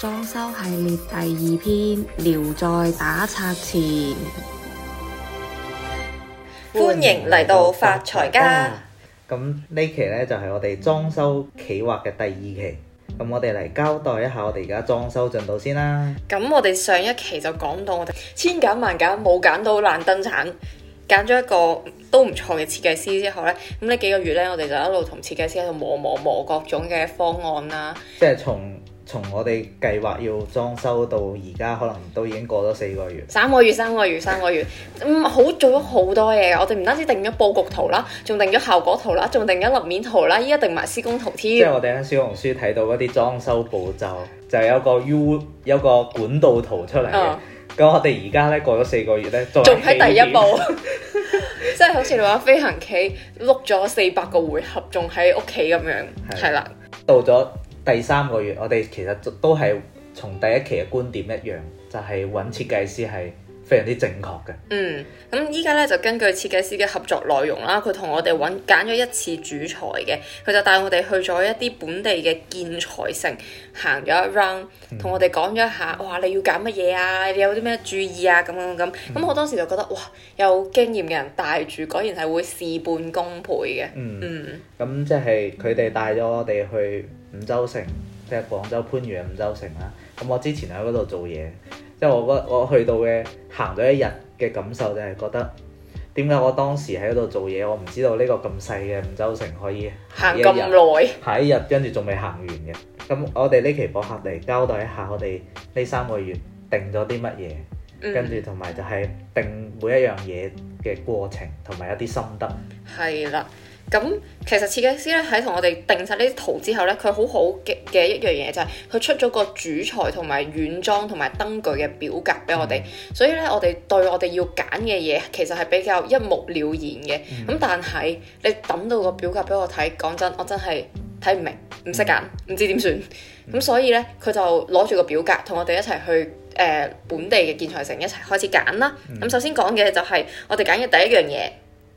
裝修系列第二篇，聊在打拆前，歡迎嚟到發財家。咁呢期呢就係我哋裝修企劃嘅第二期，咁我哋嚟交代一下我哋而家裝修進度先啦。咁我哋上一期就講到我哋千揀萬揀冇揀到爛燈盞，揀咗一個都唔錯嘅設計師之後呢，咁呢幾個月呢我哋就一路同設計師喺度磨磨磨各種嘅方案啦。即係從。從我哋計劃要裝修到而家，可能都已經過咗四個月，三個月，三個月，三個月，嗯，好做咗好多嘢。我哋唔單止定咗布局圖啦，仲定咗效果圖啦，仲定咗立面圖啦，依家定埋施工圖添。即係我哋喺小紅書睇到嗰啲裝修步驟，就有一個 U，有個管道圖出嚟咁、uh oh. 我哋而家呢，過咗四個月呢，仲喺第一步， 即係好似你話飛行棋碌咗四百個回合，仲喺屋企咁樣，係啦的，到咗。第三個月，我哋其實都係從第一期嘅觀點一樣，就係、是、揾設計師係。非常之正確嘅。嗯，咁依家咧就根據設計師嘅合作內容啦，佢同我哋揾揀咗一次主材嘅，佢就帶我哋去咗一啲本地嘅建材城行咗一 round，同、嗯、我哋講咗一下，哇！你要揀乜嘢啊？你有啲咩注意啊？咁樣咁咁，咁我當時就覺得，哇！有經驗嘅人帶住，果然係會事半功倍嘅。嗯，咁、嗯、即係佢哋帶咗我哋去五洲城，即係廣州番禺嘅五洲城啦。咁我之前喺嗰度做嘢。即係我覺得我去到嘅行咗一日嘅感受就係覺得點解我當時喺度做嘢，我唔知道呢個咁細嘅五洲城可以行咁耐，行一日跟住仲未行完嘅。咁我哋呢期博客嚟，交代一下我哋呢三個月定咗啲乜嘢，跟住同埋就係定每一樣嘢嘅過程同埋一啲心得。係啦。咁、嗯、其實設計師咧喺同我哋定晒呢啲圖之後咧，佢好好嘅嘅一樣嘢就係、是、佢出咗個主材同埋軟裝同埋燈具嘅表格俾我哋，嗯、所以咧我哋對我哋要揀嘅嘢其實係比較一目了然嘅。咁、嗯嗯、但係你抌到個表格俾我睇，講真，我真係睇唔明，唔識揀，唔知點算。咁、嗯嗯嗯、所以咧，佢就攞住個表格同我哋一齊去誒、呃、本地嘅建材城一齊開始揀啦。咁、嗯嗯、首先講嘅就係我哋揀嘅第一樣嘢。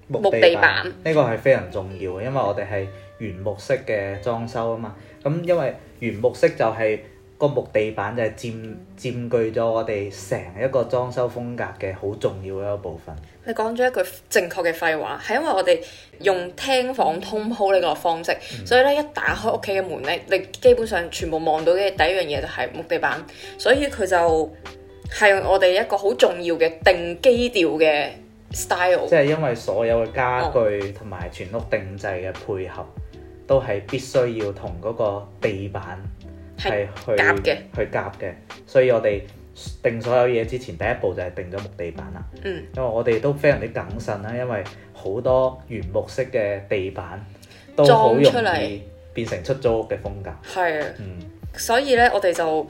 木地板呢個係非常重要嘅，因為我哋係原木式嘅裝修啊嘛。咁因為原木色就係個木地板就係佔佔據咗我哋成一個裝修風格嘅好重要一個部分。你講咗一句正確嘅廢話，係因為我哋用廳房通鋪呢個方式，所以咧一打開屋企嘅門咧，你基本上全部望到嘅第一樣嘢就係木地板，所以佢就係我哋一個好重要嘅定基調嘅。Style? 即係因為所有嘅家具同埋全屋定制嘅配合，都係必須要同嗰個地板係去，去夾嘅，去夾嘅。所以我哋定所有嘢之前，第一步就係定咗木地板啦。嗯，因，因為我哋都非常之謹慎啦，因為好多原木色嘅地板都好容易變成出租屋嘅風格。係啊的，嗯，所以呢，我哋就，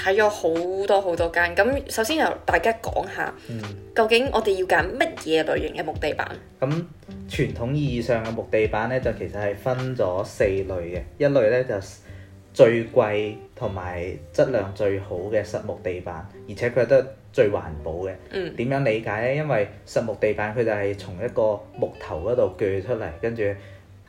睇咗好多好多間，咁首先由大家講下，嗯、究竟我哋要揀乜嘢類型嘅木地板？咁傳、嗯、統意義上嘅木地板咧，就其實係分咗四類嘅，一類咧就係、最貴同埋質量最好嘅實木地板，而且佢係得最環保嘅。點、嗯、樣理解咧？因為實木地板佢就係從一個木頭嗰度鋸出嚟，跟住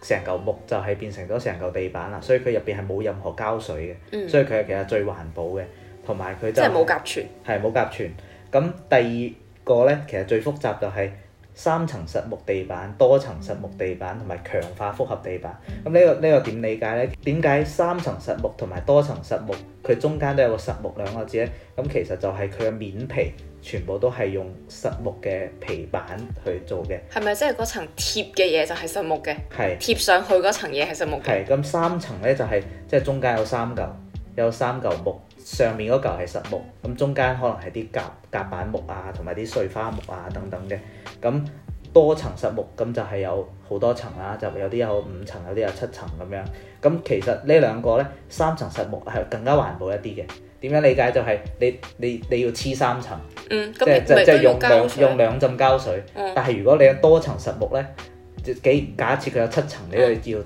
成嚿木就係變成咗成嚿地板啦，所以佢入邊係冇任何膠水嘅，嗯、所以佢係其實最環保嘅。同埋佢就係、即係冇甲醛，係冇甲醛。咁第二個呢，其實最複雜就係三層實木地板、多層實木地板同埋強化複合地板。咁呢、呢個呢、呢個點理解呢？點解三層實木同埋多層實木佢中間都有個實木兩個字呢？咁其實就係佢嘅面皮全部都係用實木嘅皮板去做嘅。係咪即係嗰層貼嘅嘢就係實木嘅？係貼是上去嗰層嘢係實木嘅。係咁三層呢就係、係、即係中間有三嚿有三嚿木。上面嗰嚿係實木，咁中間可能係啲夾夾板木啊，同埋啲碎花木啊等等嘅，咁多層實木咁就係有好多層啦、啊，就有啲有五層，有啲有七層咁樣。咁其實呢兩個呢，三層實木係更加環保一啲嘅。點樣理解就係、是、你你你要黐三層，嗯、即係、嗯、即係用兩用兩浸膠水。膠水嗯，但係如果你有多層實木呢，幾假設佢有七層，你係要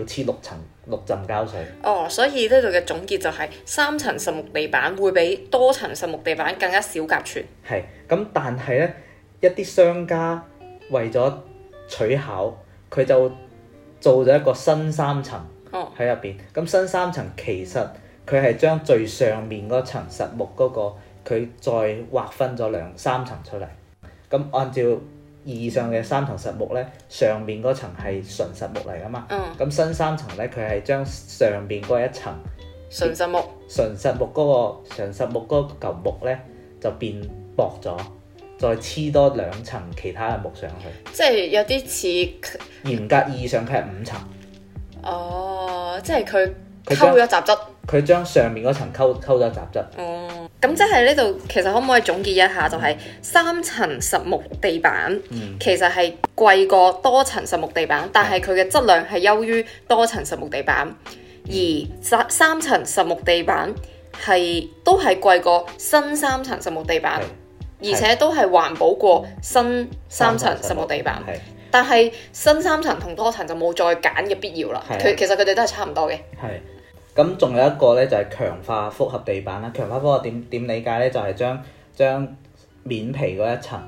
要黐六層。嗯嗯六浸膠水。哦，所以呢度嘅總結就係、是、三層實木地板會比多層實木地板更加少甲醛。係，咁但係呢一啲商家為咗取巧，佢就做咗一個新三層。哦。喺入邊，咁新三層其實佢係將最上面嗰層實木嗰、那個佢再劃分咗兩三層出嚟。咁按照意義上嘅三層實木咧，上面嗰層係純實木嚟㗎嘛。嗯。咁新三層咧，佢係將上邊嗰一層純實木、純實木嗰個純實木嗰嚿木咧，就變薄咗，再黐多兩層其他嘅木上去。即係有啲似嚴格意義上，佢係五層。哦，即係佢溝咗雜質。佢將上面嗰層溝溝咗雜質。哦、嗯。咁即係呢度，其實可唔可以總結一下，就係三層實木地板其實係貴過多層實木地板，但係佢嘅質量係優於多層實木地板。而三三層實木地板係都係貴過新三層實木地板，而且都係環保過新三層實木地板。但係新三層同多層就冇再揀嘅必要啦。佢其實佢哋都係差唔多嘅。咁仲有一個咧，就係強化複合地板啦。強化複合點點理解咧？就係、是、將將面皮嗰一層，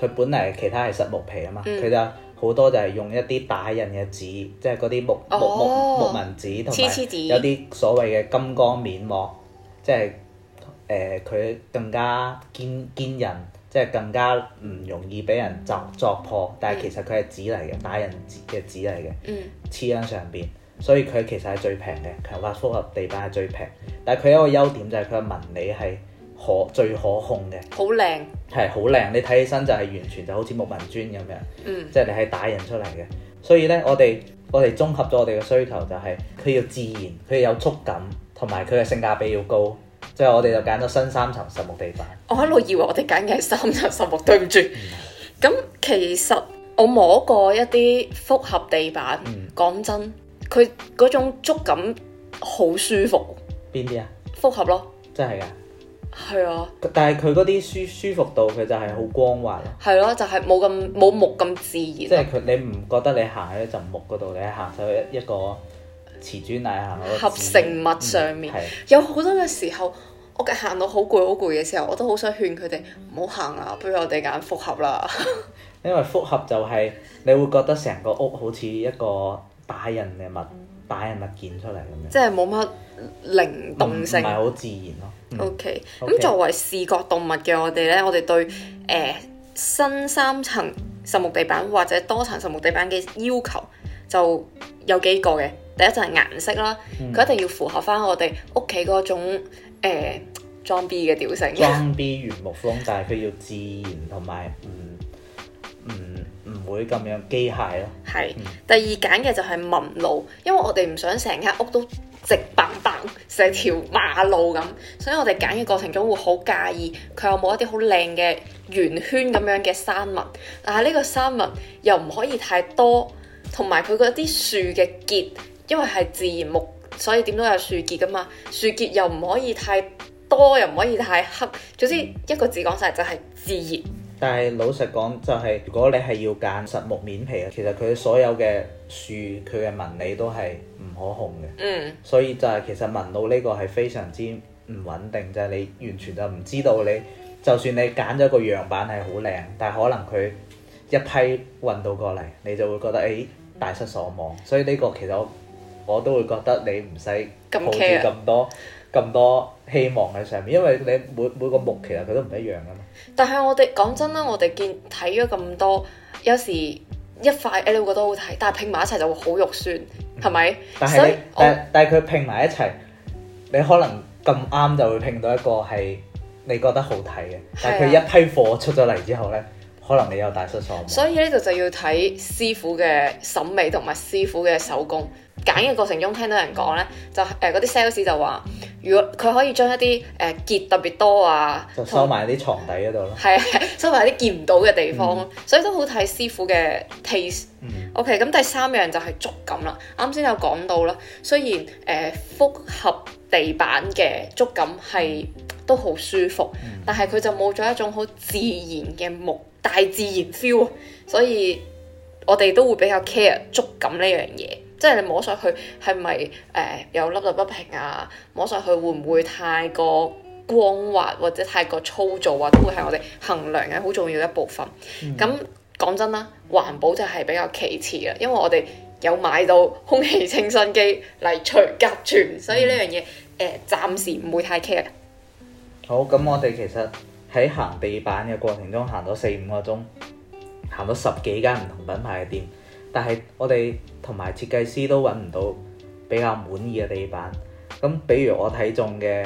佢本嚟其他係實木皮啊嘛，佢、嗯、就好多就係用一啲打印嘅紙，即係嗰啲木、哦、木木木紋紙同埋有啲所謂嘅金剛面膜，即係誒佢更加堅堅韌，即、就、係、是、更加唔容易俾人砸砸破。嗯、但係其實佢係紙嚟嘅，打印紙嘅紙嚟嘅，黐喺、嗯、上邊。所以佢其實係最平嘅，強化複合地板係最平，但係佢一個優點就係佢嘅紋理係可最可控嘅，好靚係好靚。你睇起身就係完全就好似木紋磚咁樣，嗯、即係你係打印出嚟嘅。所以呢，我哋我哋綜合咗我哋嘅需求，就係佢要自然，佢要有觸感，同埋佢嘅性價比要高。即係我哋就揀咗新三層實木地板。我喺度以為我哋揀嘅係三層實木，對唔住。咁、嗯、其實我摸過一啲複合地板，講、嗯、真。佢嗰種觸感好舒服，邊啲些啊？複合咯，真係噶，係啊。但係佢嗰啲舒舒服度，佢就係好光滑咯。係咯、啊，就係冇咁冇木咁自然。即係佢，你唔覺得你行喺一陣木嗰度，你行上去一個瓷磚底行喺合成物上面，嗯、有好多嘅時候，屋企行到好攰好攰嘅時候，我都好想勸佢哋唔好行啊，不如我哋揀複合啦。 因為複合就係、是、你會覺得成個屋好似一個。擺人嘅物擺人物件出嚟咁樣，即係冇乜靈動性，唔係好自然咯。O K，咁作為視覺動物嘅我哋咧，我哋對誒、呃、新三層實木地板或者多層實木地板嘅要求就有幾個嘅。第一就係顏色啦，佢、嗯、一定要符合翻我哋屋企嗰種誒裝 B 嘅調性。裝、呃、B 原木風，但係佢要自然同埋嗯。會咁樣機械咯、啊，係。嗯、第二揀嘅就係紋路，因為我哋唔想成間屋都直棒棒，成條馬路咁，所以我哋揀嘅過程中會好介意佢有冇一啲好靚嘅圓圈咁樣嘅山紋，但係呢個山紋又唔可以太多，同埋佢嗰啲樹嘅結，因為係自然木，所以點都有樹結噶嘛，樹結又唔可以太多，又唔可以太黑，總之一個字講晒就係自然。但係老實講，就係如果你係要揀實木面皮啊，其實佢所有嘅樹佢嘅紋理都係唔可控嘅。嗯。所以就係其實紋路呢個係非常之唔穩定就係你完全就唔知道你，就算你揀咗個樣板係好靚，但係可能佢一批運到過嚟，你就會覺得誒大失所望。所以呢個其實我,我都會覺得你唔使抱住咁多咁多希望喺上面，因為你每每個木其實佢都唔一樣嘅。但係我哋講真啦，我哋見睇咗咁多，有時一塊，誒你覺得好睇，但係拼埋一齊就會好肉酸，係咪？但係但係佢拼埋一齊，你可能咁啱就會拼到一個係你覺得好睇嘅，但係佢一批貨出咗嚟之後呢，是的 可能你有大失所望。所以呢度就要睇師傅嘅審美同埋師傅嘅手工。揀嘅過程中聽到人講咧，就誒嗰啲 sales 就話，如果佢可以將一啲誒、呃、結特別多啊，就收埋啲床底嗰度咯，係收埋啲見唔到嘅地方咯，嗯、所以都好睇師傅嘅 taste。嗯、OK 咁第三樣就係觸感啦，啱先有講到啦，雖然誒複、呃、合地板嘅觸感係都好舒服，嗯、但係佢就冇咗一種好自然嘅木大自然 feel，所以我哋都會比較 care 觸感呢樣嘢。即係你摸上去係咪誒有粒粒不平啊？摸上去會唔會太過光滑或者太過粗糙啊？都會係我哋衡量嘅好重要一部分。咁講、嗯、真啦，環保就係比較其次啦，因為我哋有買到空氣清新機嚟除甲醛，所以呢樣嘢誒暫時唔會太 care。好咁，我哋其實喺行地板嘅過程中行咗四五個鐘，行咗十幾間唔同品牌嘅店，但係我哋，同埋設計師都揾唔到比較滿意嘅地板，咁比如我睇中嘅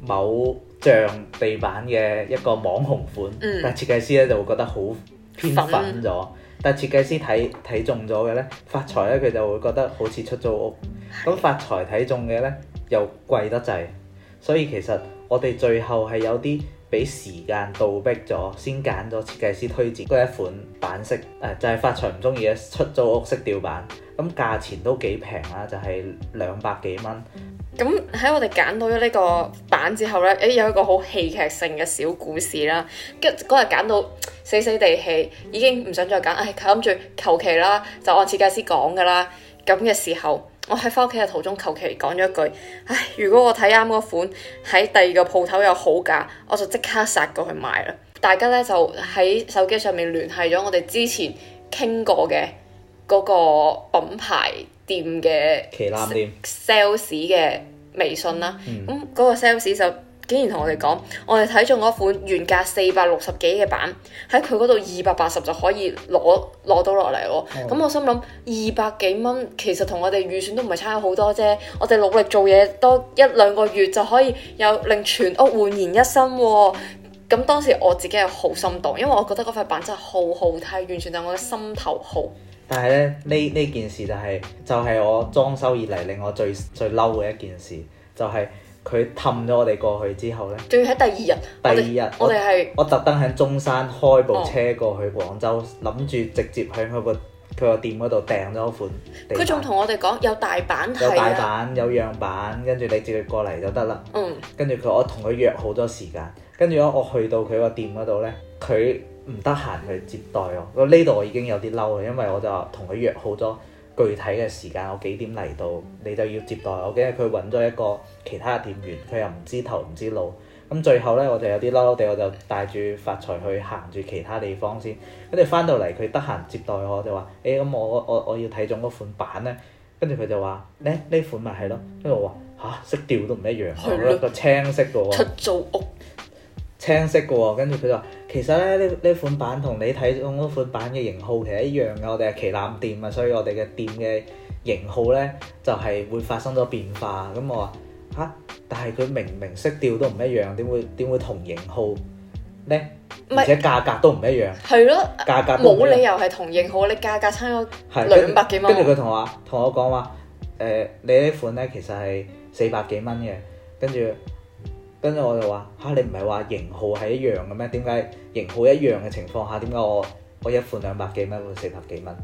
某橡地板嘅一個網紅款，嗯、但設計師咧就會覺得好偏粉咗。嗯、但設計師睇睇中咗嘅呢，發財呢，佢就會覺得好似出租屋。咁、嗯、發財睇中嘅呢，又貴得滯，所以其實我哋最後係有啲。俾時間倒逼咗，先揀咗設計師推薦嗰一款版式，誒就係、是、發財唔中意嘅出租屋式吊板，咁價錢都幾平啦，就係兩百幾蚊。咁喺、嗯、我哋揀到咗呢個板之後呢，誒有一個好戲劇性嘅小故事啦。跟嗰日揀到死死地氣，已經唔想再揀，唉，佢諗住求其啦，就按設計師講㗎啦。咁嘅時候，我喺返屋企嘅途中，求其講咗一句，唉，如果我睇啱嗰款，喺第二個鋪頭有好價，我就即刻殺過去買啦！大家咧就喺手機上面聯繫咗我哋之前傾過嘅嗰個品牌店嘅旗艦店 sales 嘅微信啦。咁嗰、嗯、個 sales 就。竟然同我哋講，我哋睇中嗰款原價四百六十幾嘅板，喺佢嗰度二百八十就可以攞攞到落嚟喎。咁、嗯、我心諗二百幾蚊，其實同我哋預算都唔係差咗好多啫。我哋努力做嘢多一兩個月就可以有令全屋煥然一新，哦。咁當時我自己係好心動，因為我覺得嗰塊板真係好好睇，完全就係我嘅心頭好。但係咧，呢呢件事就係、是、就係、是、我裝修以嚟令我最最嬲嘅一件事，就係、是。佢氹咗我哋過去之後呢，仲要喺第二日。第二日，我哋們係我特登喺中山開部車過去廣州，諗住、嗯、直接去佢個佢個店嗰度訂咗款。佢仲同我哋講有大板，有大板，的有樣板，跟住你直接過嚟就得啦。嗯，跟住佢，我同佢約好咗時間，跟住咧我去到佢個店嗰度呢，佢唔得閒去接待我。呢度我已經有啲嬲啦，因為我就同佢約好咗。具體嘅時間我幾點嚟到，你就要接待我。記得佢揾咗一個其他店員，佢又唔知頭唔知路。咁最後呢，我就有啲嬲嬲哋，我就帶住發財去行住其他地方先。跟住翻到嚟，佢得閒接待我，我就話：誒、欸，咁我我我要睇中嗰款板呢。」跟住佢就話：呢呢款咪係咯。跟住我話：吓，色調都唔一樣，我個的青色嘅喎。出租屋。青色嘅喎，跟住佢就話。其實咧，呢呢款版同你睇嗰款版嘅型號其實一樣嘅，我哋係旗艦店啊，所以我哋嘅店嘅型號呢就係會發生咗變化。咁我話吓？但係佢明明色調都唔一樣，點會點會同型號咧？唔係，而且價格都唔一樣。係咯，價格冇理由係同型號，你價格差咗兩百幾蚊。跟住佢同我話，同我講話，誒，你呢款呢其實係四百幾蚊嘅，跟住。跟住我就話嚇、啊，你唔係話型號係一樣嘅咩？點解型號一樣嘅情況下，點解我我一款兩百幾蚊，款四百幾蚊？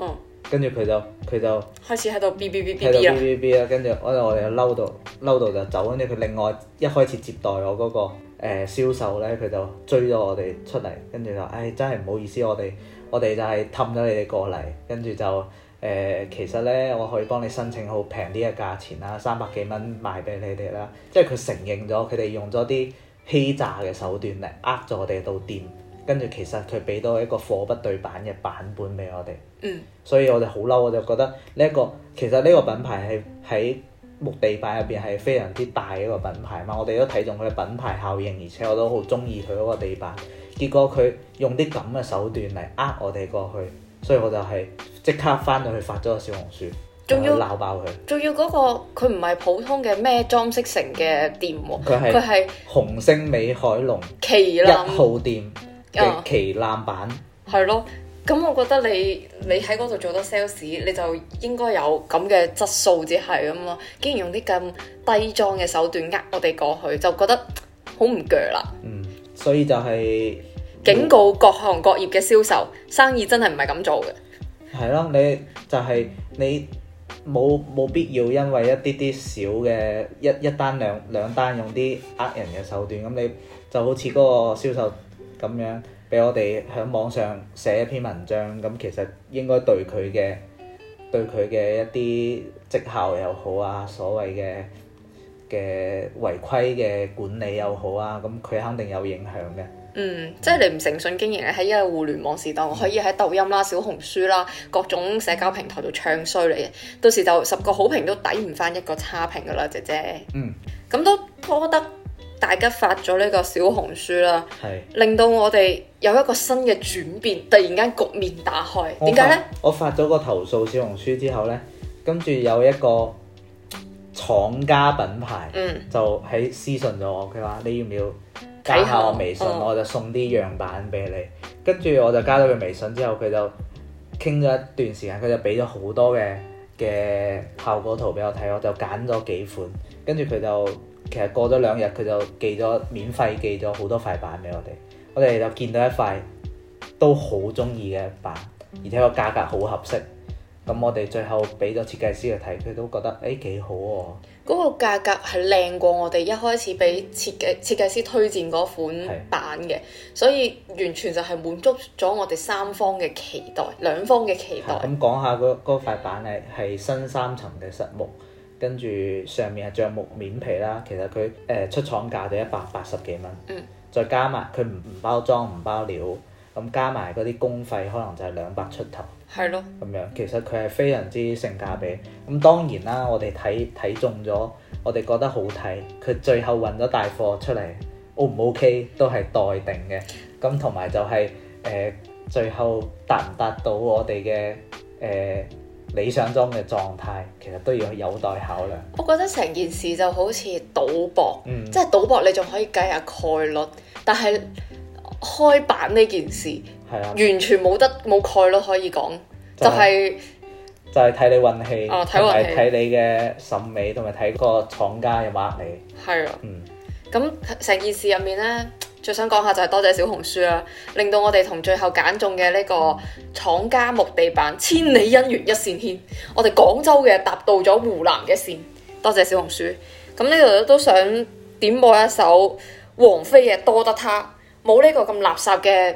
嗯。跟住佢就佢就開始喺度嗶嗶嗶，喺度嗶嗶嗶啊，跟住我哋我哋嬲到嬲到就走。跟住佢另外一開始接待我嗰個誒銷售咧，佢就追咗我哋出嚟，跟住就唉、哎，真係唔好意思，我哋我哋就係氹咗你哋過嚟，跟住就。誒、呃，其實咧，我可以幫你申請好平啲嘅價錢啦，三百幾蚊賣俾你哋啦。即係佢承認咗，佢哋用咗啲欺詐嘅手段嚟呃咗我哋到店，跟住其實佢俾到一個貨不對版嘅版本俾我哋。嗯、所以我哋好嬲，我就覺得呢、這、一個其實呢個品牌係喺木地板入邊係非常之大一個品牌嘛。我哋都睇中佢嘅品牌效應，而且我都好鍾意佢嗰個地板。結果佢用啲咁嘅手段嚟呃我哋過去。所以我就係即刻翻到去發咗個小紅書，仲要鬧爆佢，仲要嗰個佢唔係普通嘅咩裝飾城嘅店，佢係佢係紅星美凱龍旗艦號店旗艦版。係咯，咁我覺得你你喺嗰度做得 sales，你就應該有咁嘅質素先係啊嘛，竟然用啲咁低裝嘅手段呃我哋過去，就覺得好唔鋸啦。嗯，所以就係。.警告各行各業嘅銷售生意，真係唔係咁做嘅。係咯，你就係你冇冇必要因為一啲啲小嘅一一單兩兩單用啲呃人嘅手段咁，你就好似嗰個銷售咁樣，俾我哋喺網上寫一篇文章咁，其實應該對佢嘅對佢嘅一啲績效又好啊，所謂嘅嘅違規嘅管理又好啊，咁佢肯定有影響嘅。嗯，即係你唔誠信經營咧，喺一個互聯網時代，我可以喺抖音啦、小紅書啦、各種社交平台度唱衰你，到時就十個好評都抵唔翻一個差評噶啦，姐姐。嗯，咁都多得大家發咗呢個小紅書啦，係是令到我哋有一個新嘅轉變，突然間局面打開。點解發呢？我發咗個投訴小紅書之後呢，跟住有一個廠家品牌，嗯，就喺私信咗我，佢話你要唔要？加下我微信，我就送啲樣板俾你。跟住、嗯、我就加咗佢微信之後，佢就傾咗一段時間，佢就俾咗好多嘅嘅效果圖俾我睇，我就揀咗幾款。跟住佢就其實過咗兩日，佢就寄咗免費寄咗好多塊板俾我哋。我哋就見到一塊都好中意嘅板，而且個價格好合適。咁我哋最後俾咗設計師去睇，佢都覺得誒、哎、幾好哦、啊。嗰個價格係靚過我哋一開始俾設計設計師推薦嗰款板嘅。是所以完全就係滿足咗我哋三方嘅期待，兩方嘅期待。咁講下嗰塊板係係新三層嘅實木，跟住上面係橡木面皮啦。其實佢誒、呃、出廠價就一百八十幾蚊，嗯、再加埋佢唔唔包裝唔包料，咁加埋嗰啲工費可能就係兩百出頭。係咯，咁樣其實佢係非常之性價比。咁當然啦，我哋睇睇中咗，我哋覺得好睇，佢最後運咗大貨出嚟，O 唔 O K 都係待定嘅。咁同埋就係、是、誒、呃，最後達唔達到我哋嘅誒理想中嘅狀態，其實都要有待考量。我覺得成件事就好似賭博，嗯、即係賭博你仲可以計下概率，但係。開版呢件事係啊，完全冇得冇概咯，可以講就係就係睇你運氣，同埋睇你嘅審美，同埋睇個廠家有冇呃你係啊，嗯。咁成件事入面呢，最想講下就係多謝小紅書啦、啊，令到我哋同最後揀中嘅呢個廠家木地板千里姻緣一線牽，我哋廣州嘅達到咗湖南嘅線，多謝小紅書。咁呢度都想點播一首王菲嘅多得他。冇呢個咁垃圾嘅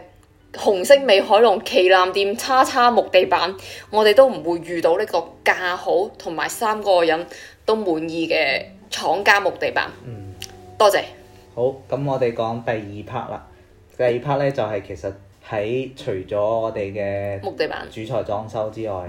紅星美凱龍旗艦店叉叉木地板，我哋都唔會遇到呢個價好同埋三個人都滿意嘅廠家木地板。嗯，多謝。好，咁我哋講第二 part 啦。第二 part 呢，就係、是，其實喺除咗我哋嘅木地板主材裝修之外，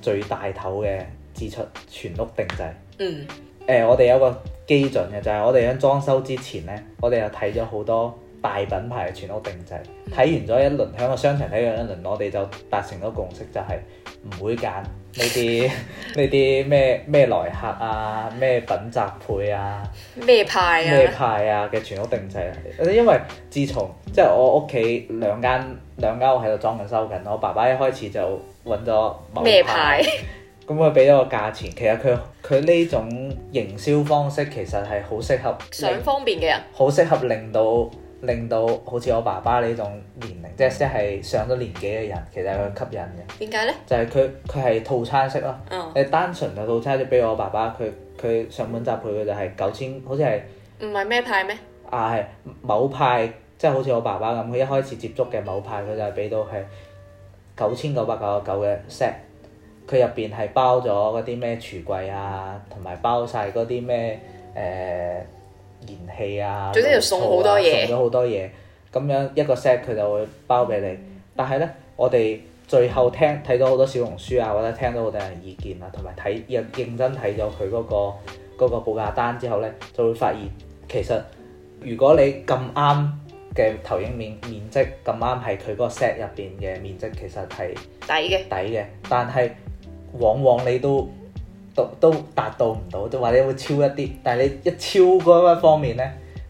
最大頭嘅支出全屋定製。嗯，誒、呃，我哋有個基準嘅就係、是，我哋喺裝修之前呢，我哋又睇咗好多。大品牌嘅全屋定製，睇完咗一輪，響個商場睇完一輪，我哋就達成咗共識，就係唔會揀呢啲呢啲咩咩來客啊，咩品宅配啊，咩派啊，咩派啊嘅全屋定製。因為自從即係我屋企兩間兩間屋喺度裝緊收緊，我爸爸一開始就揾咗咩派，咁佢俾咗個價錢。其實佢佢呢種營銷方式其實係好適合想方便嘅人，好適合令到。令到好似我爸爸呢種年齡，即係即係上咗年紀嘅人，其實係吸引嘅。點解呢？就係佢佢係套餐式咯。你、哦、單純嘅套餐式俾我爸爸，佢佢上門搭配，佢就係九千，好似係。唔係咩派咩？啊，係某派，即係好似我爸爸咁，佢一開始接觸嘅某派，佢就係俾到係九千九百九十九嘅 set，佢入邊係包咗嗰啲咩廚櫃啊，同埋包晒嗰啲咩誒。呃燃氣啊，最緊要送好多嘢、啊，送咗好多嘢，咁樣一個 set 佢就會包俾你。嗯、但係咧，我哋最後聽睇到好多小紅書啊，或者聽到好多人意見啊，同埋睇認認真睇咗佢嗰個嗰、嗰個報價單之後咧，就會發現其實如果你咁啱嘅投影面面積咁啱係佢嗰個 set 入邊嘅面積，其實係抵嘅，抵嘅。但係往往你都都都達到唔到，或、就、者、是、會超一啲，但係你一超嗰一方面呢，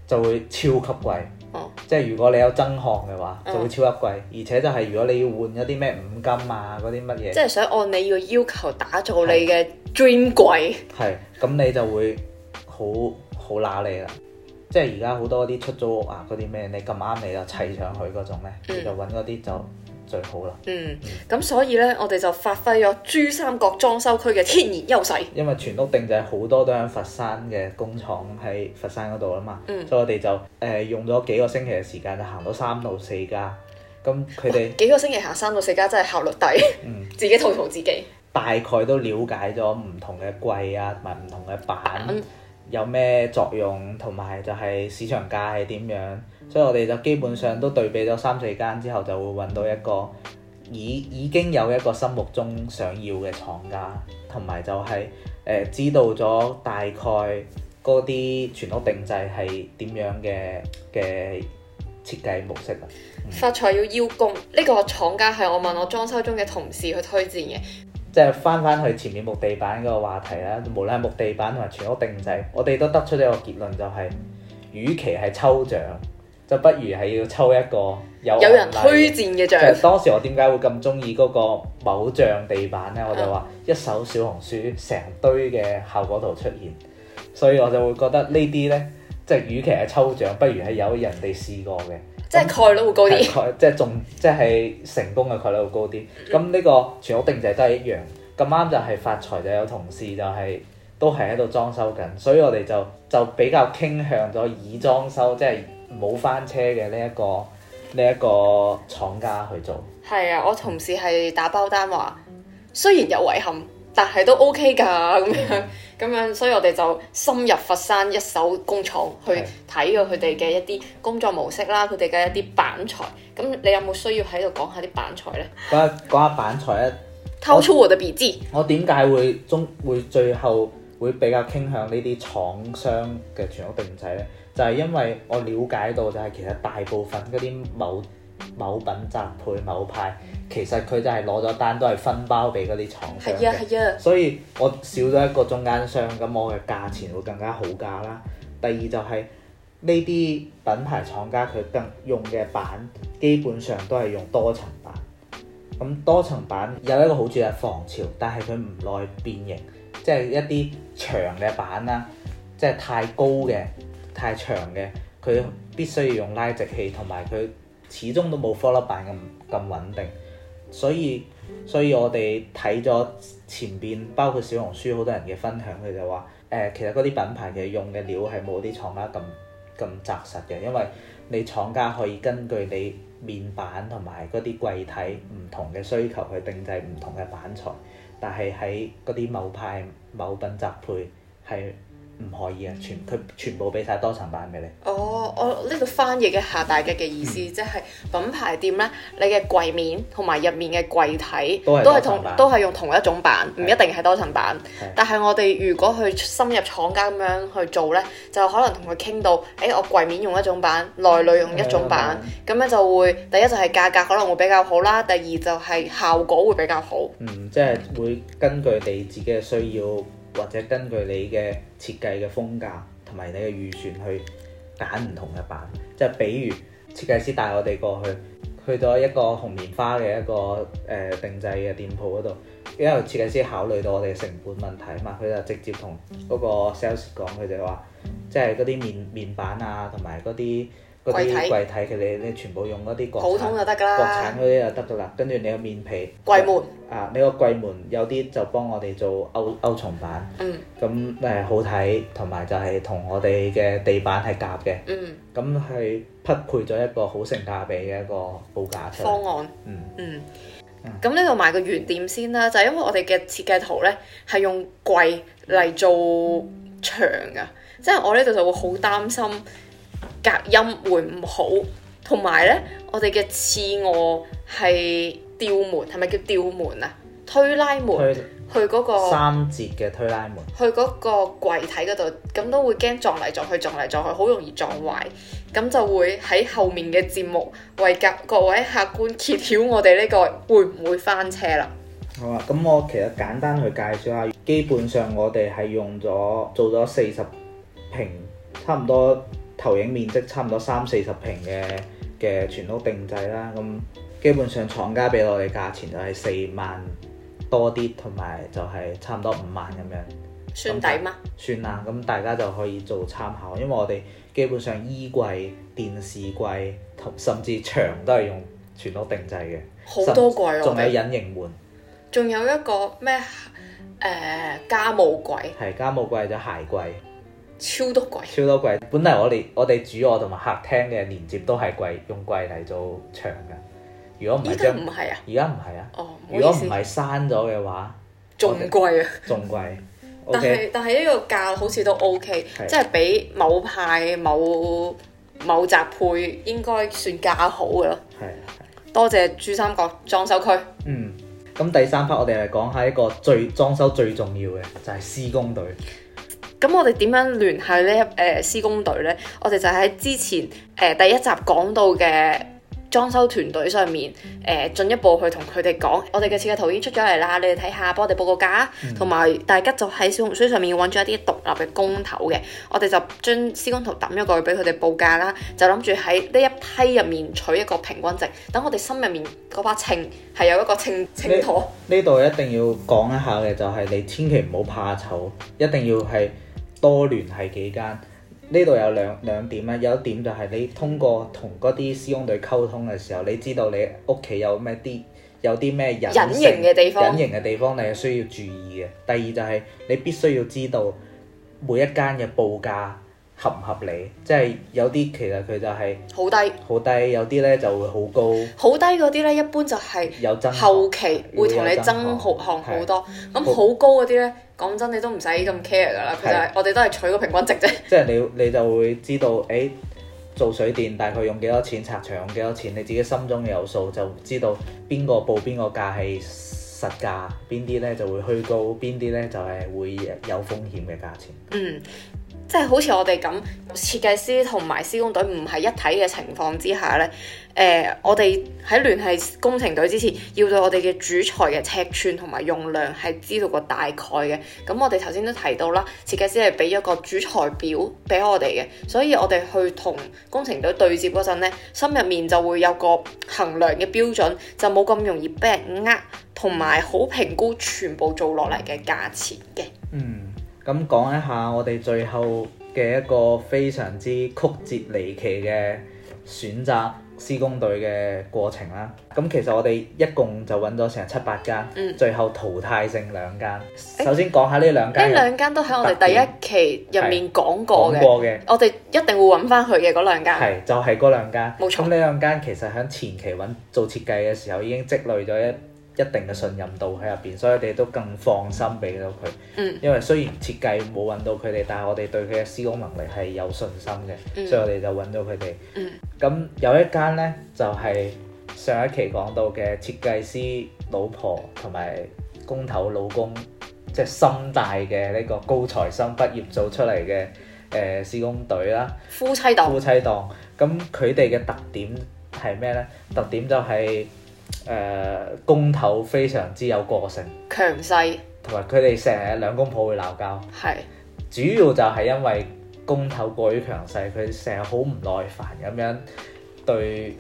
就會超級貴。哦，即係如果你有增項嘅話，就會超級貴，哦、而且就係如果你要換一啲咩五金啊嗰啲乜嘢，即係想按你要要求打造你嘅 dream 櫃，係是，咁 你就會好好揦脷啦。即係而家好多啲出租屋啊，嗰啲咩你咁啱你就砌上去嗰種咧，嗯、你就揾嗰啲就。最好啦。嗯，咁所以呢，我哋就發揮咗珠三角裝修區嘅天然優勢。因為全屋定製好多都喺佛山嘅工廠，喺佛山嗰度啦嘛。嗯。所以我哋就誒、呃、用咗幾個星期嘅時間就到到，就行到三到四家。咁佢哋幾個星期行三到四家，真係效率低。嗯。自己吐槽自己。大概都了解咗唔同嘅櫃啊，同埋唔同嘅板，板有咩作用，同埋就係市場價係點樣。所以我哋就基本上都對比咗三四間之後，就會揾到一個已已經有一個心目中想要嘅廠家，同埋就係、是、誒、呃、知道咗大概嗰啲全屋定製係點樣嘅嘅設計模式啦。發、嗯、財要邀功，呢、這個廠家係我問我裝修中嘅同事去推薦嘅。即係翻翻去前面木地板嗰個話題啦，無論係木地板同埋全屋定製，我哋都得出咗個結論、就是，就係與其係抽獎。就不如係要抽一個有有人推薦嘅獎。其實當時我點解會咁中意嗰個某像地板呢？我就話一手小紅書成堆嘅效果圖出現，所以我就會覺得呢啲呢，即係與其係抽獎，不如係有人哋試過嘅， 即係概率會高啲。即係仲即係成功嘅概率會高啲。咁呢個全屋定製都係一樣。咁啱就係發財就有同事就係、是、都係喺度裝修緊，所以我哋就就比較傾向咗以裝修即係冇翻車嘅呢一個呢一個廠家去做，係啊！我同事係打包單話，雖然有遺憾，但係都 OK 㗎咁樣咁樣，所以我哋就深入佛山一手工廠去睇咗佢哋嘅一啲工作模式啦，佢哋嘅一啲板材。咁你有冇需要喺度講下啲板材呢？講下講下板材啊！ 我偷出我嘅鼻。我點解會中會最後會比較傾向呢啲廠商嘅全屋定製呢？就係因為我了解到，就係其實大部分嗰啲某某品集配某派，其實佢就係攞咗單都係分包俾嗰啲廠商嘅，所以我少咗一個中間商，咁我嘅價錢會更加好價啦。第二就係呢啲品牌廠家佢更用嘅板基本上都係用多層板，咁多層板有一個好處係防潮，但係佢唔耐變形，即係一啲長嘅板啦，即係太高嘅。太長嘅，佢必須要用拉直器，同埋佢始終都冇顆粒板咁咁穩定，所以所以我哋睇咗前邊包括小紅書好多人嘅分享，佢就話誒、呃，其實嗰啲品牌嘅用嘅料係冇啲廠家咁咁紮實嘅，因為你廠家可以根據你面板同埋嗰啲櫃體唔同嘅需求去定製唔同嘅板材，但係喺嗰啲某派某品搭配係。唔可以啊！全佢全部俾晒多層板俾你。哦，我呢度翻譯一下大吉嘅意思，即係 品牌店呢，你嘅櫃面同埋入面嘅櫃體都係同都係用同一種板，唔是一定係多層板。是但係我哋如果去深入廠家咁樣去做呢，就可能同佢傾到，誒、欸、我櫃面用一種板，內裏用一種板，咁、uh, 樣就會第一就係價格可能會比較好啦，第二就係效果會比較好。嗯，即、就、係、是、會根據你自己嘅需要。或者根據你嘅設計嘅風格同埋你嘅預算去揀唔同嘅版，就係比如設計師帶我哋過去去咗一個紅棉花嘅一個誒、呃、定制嘅店鋪嗰度，因為設計師考慮到我哋嘅成本問題啊嘛，佢就直接同嗰個 sales 講，佢就話，即係嗰啲面面板啊同埋嗰啲。嗰啲櫃體，佢你全部用嗰啲普通就得噶啦，國產嗰啲就得噶啦。跟住你個面皮櫃門啊，你個櫃門有啲就幫我哋做歐歐松板，嗯，咁誒好睇，同埋就係同我哋嘅地板係夾嘅，嗯，咁係匹配咗一個好性價比嘅一個報價方案，嗯嗯，咁呢度買個原點先啦，就係因為我哋嘅設計圖咧係用櫃嚟做牆噶，即係我呢度就會好擔心。隔音會唔好，同埋呢，我哋嘅次臥係吊門，係咪叫吊門啊？推拉門去、嗰個，去嗰個三折嘅推拉門，去嗰個櫃體嗰度，咁都會驚撞嚟撞去，撞嚟撞去，好容易撞壞，咁就會喺後面嘅節目為各位客官揭曉我哋呢個會唔會翻車啦。好啊，咁我其實簡單去介紹下，基本上我哋係用咗做咗四十平，差唔多。投影面積差唔多三四十平嘅嘅全屋定製啦，咁基本上廠家俾我哋價錢就係四萬多啲，同埋就係差唔多五萬咁樣。算抵嗎？算啦，咁大家就可以做參考，因為我哋基本上衣櫃、電視櫃同甚至牆都係用全屋定制嘅，好多櫃咯，仲有隱形門，仲有一個咩誒、呃、家務櫃，係家務櫃就鞋櫃。超多櫃，超多櫃。本嚟我哋我哋主臥同埋客廳嘅連接都係櫃，用櫃嚟做牆嘅。如果唔係將，而家唔係啊，而家唔係啊。哦，如果唔係刪咗嘅話，仲貴啊，仲的貴。 Okay? 但係但係呢個價好似都 O K，是即係比某派某某宅配應該算價好嘅咯。係多謝珠三角裝修區。嗯，咁、嗯、第三 part 我哋嚟講一下一個最裝修最重要嘅就係、是、施工隊。咁我哋點樣聯繫呢一誒施、呃、工隊呢，我哋就喺之前誒、呃、第一集講到嘅裝修團隊上面誒，進、呃、一步去同佢哋講，我哋嘅設計圖已經出咗嚟啦，你哋睇下，幫我哋報個價。同埋、嗯、大吉就喺小紅書上面揾咗一啲獨立嘅工頭嘅，我哋就將施工圖抌咗過去俾佢哋報價啦，就諗住喺呢一批入面取一個平均值，等我哋心入面嗰把秤係有一個秤砣。呢度一定要講一下嘅就係你千祈唔好怕醜，一定要係。多聯繫幾間，呢度有兩兩點啊。有一點就係你通過同嗰啲施工隊溝通嘅時候，你知道你屋企有咩啲有啲咩隱,隱形嘅地方，隱形嘅地方你係需要注意嘅。第二就係你必須要知道每一間嘅報價合唔合理，即係有啲其實佢就係好低，好低。有啲咧就會好高，好低嗰啲咧一般就係有增項，後期會同你增項好多。咁好是高嗰啲咧。講真，你都唔使咁 care 㗎啦，佢就係我哋都係取個平均值啫。即係你你就會知道，誒、欸、做水電大概用幾多錢，拆牆用幾多錢，你自己心中有數，就知道邊個報邊個價係實價，邊啲呢就會虛高，邊啲呢就係、是、會有風險嘅價錢。嗯。即係好似我哋咁，設計師同埋施工隊唔係一體嘅情況之下呢，誒、呃，我哋喺聯繫工程隊之前，要對我哋嘅主材嘅尺寸同埋用量係知道個大概嘅。咁、嗯、我哋頭先都提到啦，設計師係俾咗個主材表俾我哋嘅，所以我哋去同工程隊對接嗰陣咧，心入面就會有個衡量嘅標準，就冇咁容易俾人呃，同埋好評估全部做落嚟嘅價錢嘅。嗯。咁講一下我哋最後嘅一個非常之曲折離奇嘅選擇施工隊嘅過程啦。咁其實我哋一共就揾咗成七八間，嗯、最後淘汰剩兩間。嗯、首先講下呢兩,、欸、兩,兩間，呢兩間都喺我哋第一期入面講過嘅，我哋一定會揾翻佢嘅嗰兩間。係，就係嗰兩間。冇錯。呢兩間其實喺前期揾做設計嘅時候已經積累咗一。一定嘅信任度喺入邊，所以我哋都更放心俾到佢。嗯，因為雖然設計冇揾到佢哋，但係我哋對佢嘅施工能力係有信心嘅，嗯、所以我哋就揾到佢哋。嗯，咁有一間呢，就係、是、上一期講到嘅設計師老婆同埋工頭老公，即、就、係、是、深大嘅呢個高材生畢業做出嚟嘅誒施工隊啦。夫妻檔。夫妻檔，咁佢哋嘅特點係咩呢？特點就係、是。誒、呃、公頭非常之有個性，強勢，同埋佢哋成日兩公婆會鬧交，係是主要就係因為公頭過於強勢，佢成日好唔耐煩咁樣對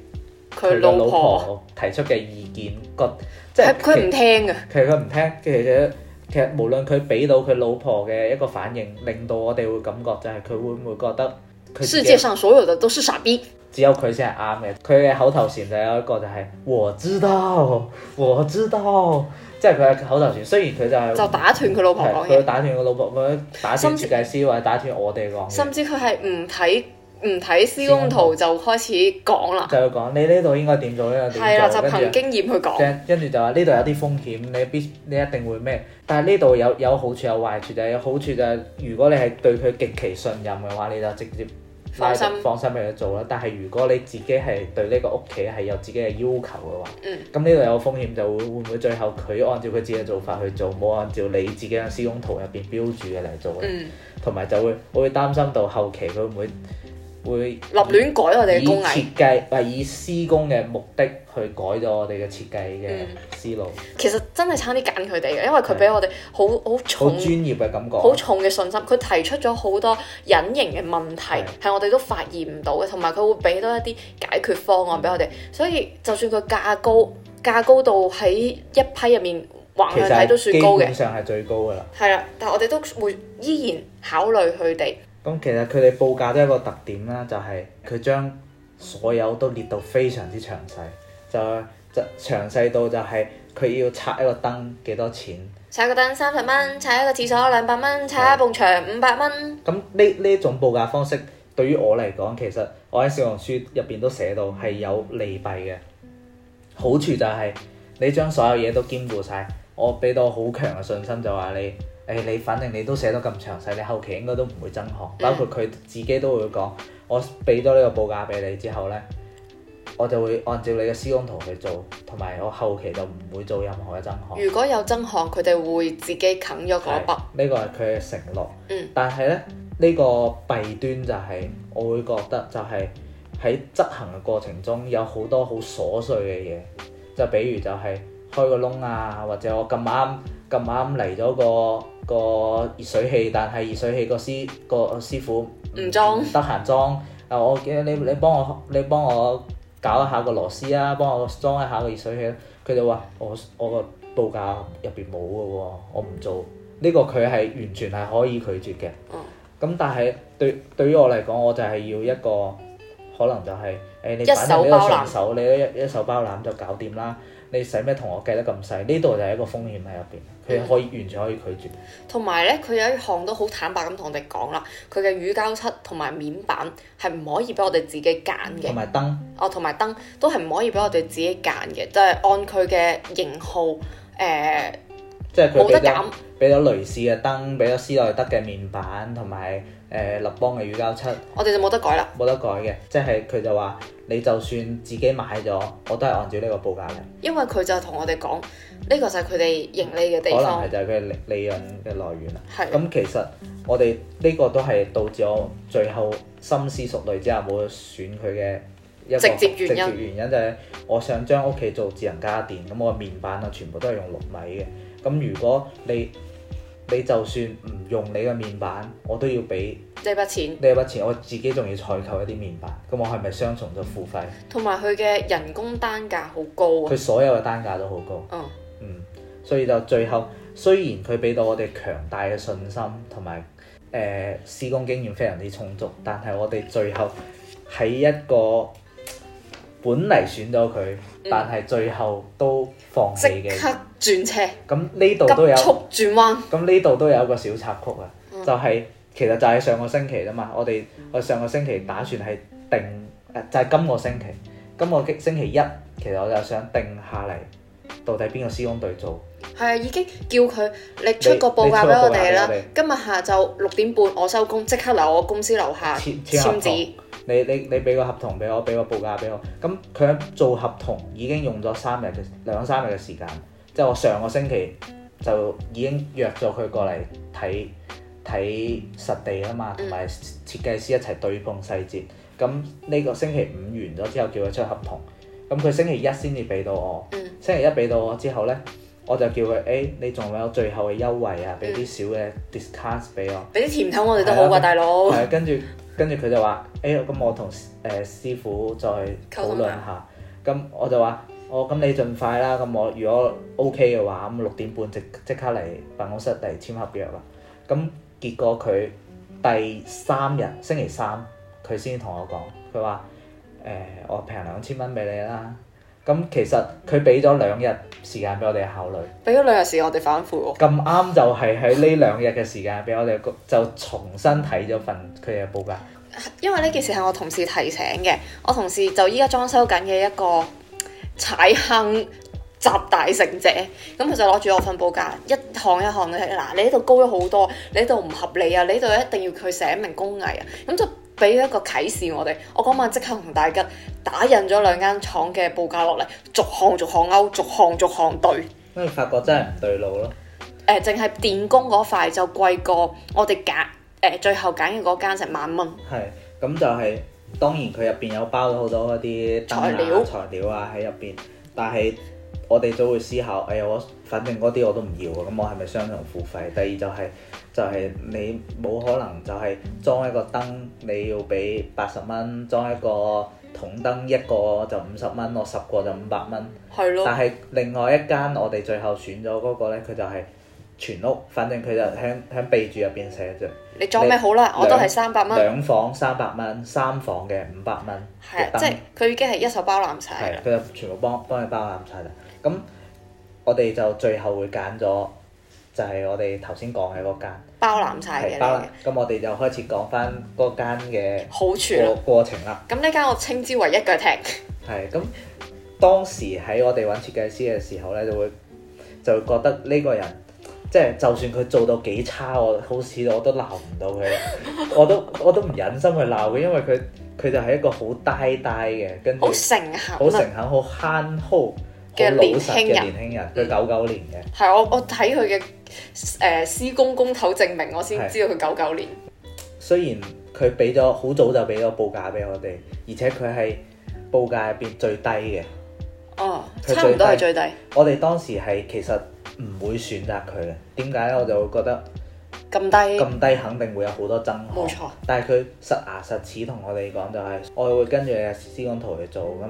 佢老婆提出嘅意見，骨即係佢唔聽㗎。其實佢唔聽，其實其實無論佢俾到佢老婆嘅一個反應，令到我哋會感覺就係佢會唔會覺得世界上所有的都是傻逼。只有佢先係啱嘅，佢嘅口頭禪就有一個就係、是、我知道，我知道，即係佢嘅口頭禪。雖然佢就係就打斷佢老婆講，打斷佢老婆，打斷設計師至或者打斷我哋講。甚至佢係唔睇唔睇施工圖就開始講啦。就要講你呢度應該點做呢個點做。係啦，就憑經驗去講。跟住就話呢度有啲風險，你必你一定會咩？但係呢度有有好，有，有好處有壞處有，就有好處就係如果你係對佢極其信任嘅話，你就直接。放心，放心俾佢做啦。但係如果你自己係對呢個屋企係有自己嘅要求嘅話，咁呢度有風險，就會會唔會最後佢按照佢自己嘅做法去做，冇按照你自己嘅施工圖入邊標注嘅嚟做咧？同埋、嗯、就會我會擔心到後期佢會唔會。會立亂改我哋嘅工藝，以設計係以施工嘅目的去改咗我哋嘅設計嘅思路、嗯。其實真係差啲揀佢哋嘅，因為佢俾我哋好好重好專業嘅感覺，好重嘅信心。佢提出咗好多隱形嘅問題，係的我哋都發現唔到嘅，同埋佢會俾多一啲解決方案俾我哋。的所以就算佢價高價高到喺一批入面橫向睇都算高嘅，基本上係最高噶啦。係啦，但係我哋都會依然考慮佢哋。咁其實佢哋報價都有一個特點啦，就係佢將所有都列到非常之詳細，就就詳細到就係佢要拆一個燈幾多錢？拆一個燈三十蚊，拆一個廁所兩百蚊，拆一埲牆五百蚊。咁呢呢種報價方式對於我嚟講，其實我喺小紅書入邊都寫到係有利弊嘅。好處就係你將所有嘢都兼顧晒，我俾到好強嘅信心就話你。誒，你反正你都寫得咁詳細，你後期應該都唔會增項，包括佢自己都會講，我俾咗呢個報價俾你之後呢，我就會按照你嘅施工圖去做，同埋我後期就唔會做任何嘅增項。如果有增項，佢哋會自己啃咗嗰筆。呢、呢個係佢嘅承諾，但係呢，呢、嗯、個弊端就係、是，我會覺得就係喺執行嘅過程中有好多好瑣碎嘅嘢，就比如就係開個窿啊，或者我咁啱咁啱嚟咗個。個熱水器，但係熱水器個師、個師傅唔裝，得閒裝。啊，我記得你你幫我你幫我搞一下個螺絲啊，幫我裝一下個熱水器。佢就話我我個報價入邊冇嘅喎，我唔做呢、個。佢係完全係可以拒絕嘅。嗯。咁但係對對於我嚟講，我就係要一個可能就係、是、誒、欸、你買呢個順手，你一一手包攬就搞掂啦。你使咩同我計得咁細？呢度就係一個風險喺入邊，佢可以、嗯、完全可以拒絕。同埋咧，佢有一項都好坦白咁同我哋講啦，佢嘅乳膠漆同埋面板係唔可以俾我哋自己揀嘅，同埋燈哦，同埋燈都係唔可以俾我哋自己揀嘅，就係、係、按佢嘅型號誒，呃、即係佢冇得揀。俾咗雷士嘅燈，俾咗斯耐德嘅面板，同埋誒立邦嘅乳膠漆。我哋就冇得改啦，冇得改嘅，即係佢就話你就算自己買咗，我都係按照呢個報價嚟。因為佢就同我哋講，呢、這個就係佢哋盈利嘅地方，可能係就係佢利利潤嘅來源啦。係的。咁其實我哋呢個都係導致我最後深思熟慮之下冇選佢嘅一個直接原因，直接原因就係我想將屋企做智能家電，咁我面板啊全部都係用綠米嘅，咁如果你你就算唔用你嘅面板，我都要俾。借筆錢。借筆錢，我自己仲要採購一啲面板，咁我係咪雙重咗付費？同埋佢嘅人工單價好高啊，佢所有嘅單價都好高。哦、嗯，所以就最後，雖然佢俾到我哋強大嘅信心，同埋誒施工經驗非常之充足，但係我哋最後喺一個。本嚟選咗佢，但係最後都放棄嘅。即刻轉車。咁呢度都有急速轉彎。咁呢度都有一個小插曲啊，嗯、就係、是、其實就係上個星期啫嘛，我哋、嗯、我上個星期打算係定，誒就係、是、今個星期，今個星期一其實我就想定下嚟，到底邊個施工隊做？係啊，已經叫佢你出個報價俾我哋啦。今日下晝六點半我收工，即刻嚟我公司樓下簽,簽,簽字。你你你俾個合同俾我，俾個報價俾我。咁佢做合同已經用咗三日嘅兩三日嘅時間，即係我上個星期就已經約咗佢過嚟睇睇實地啦嘛，同埋設計師一齊對碰細節。咁呢個星期五完咗之後，叫佢出合同。咁佢星期一先至俾到我。嗯、星期一俾到我之後呢，我就叫佢誒、欸，你仲有最後嘅優惠啊，俾啲小嘅 discount 俾我。俾啲甜頭我哋都好噶、啊，啊、大佬哥。係跟住。跟住佢就話：誒、哎，咁我同誒、呃、師傅再討論下。咁我就話：我、哦、咁你盡快啦。咁我如果 OK 嘅話，咁六點半即即刻嚟辦公室嚟簽合約啦。咁結果佢第三日星期三，佢先同我講，佢話：誒、呃，我平兩千蚊俾你啦。咁其實佢俾咗兩日時間俾我哋考慮，俾咗兩日時間我哋反悔喎、哦。咁啱就係喺呢兩日嘅時間俾我哋，就重新睇咗份佢嘅報價。因為呢件事係我同事提醒嘅，我同事就依家裝修緊嘅一個踩坑集大成者，咁佢就攞住我份報價，一項一項咧，嗱，你呢度高咗好多，你呢度唔合理啊，你呢度一定要佢寫明工藝啊，咁就。俾一個啟示我哋，我嗰晚即刻同大吉打印咗兩間廠嘅報價落嚟，逐項逐項勾，逐項逐項對。咁你發覺真係唔對路咯。誒、呃，淨係電工嗰塊就貴過我哋揀誒最後揀嘅嗰間成萬蚊。係，咁就係、是、當然佢入邊有包咗好多嗰啲、啊、材料材料啊喺入邊，但係。我哋就會思考，誒、哎、我反正嗰啲我都唔要嘅，咁我係咪雙重付費？第二就係、是、就係、是、你冇可能就係裝一個燈，你要俾八十蚊；裝一個筒燈一個就五十蚊，我十個就五百蚊。係咯的。但係另外一間我哋最後選咗嗰個呢，佢就係全屋，反正佢就喺喺備註入邊寫著。你裝咩好啦？兩我都係三百蚊。兩房三百蚊，三房嘅五百蚊。係即係佢已經係一手包攬晒，佢就全部幫幫你包攬晒啦。咁我哋就最後會揀咗，就係的我哋頭先講嘅嗰間包攬晒嘅。咁我哋就開始講翻嗰間嘅好處個過程啦。咁呢間我稱之為一腳踢。係咁，當時喺我哋揾設計師嘅時候呢，就會就會覺得呢個人，即係就算佢做到幾差，我好似我都鬧唔到佢，我都 我都唔忍心去鬧佢，因為佢佢就係一個好呆呆嘅，跟住好誠懇，好誠懇，好慳耗，嘅年輕人，老實嘅年輕人，佢九九年嘅。係，我我睇佢嘅誒施工工頭證明，我先知道佢九九年。雖然佢俾咗好早就俾咗報價俾我哋，而且佢係報價入邊最低嘅。哦，差唔多係最低。最低，我哋當時係其實唔會選擇佢嘅，點解咧？我就會覺得咁低，咁低肯定會有好多增項。冇錯。但係佢實牙實齒同我哋講就係、是，我會跟住你嘅施工圖嚟做咁。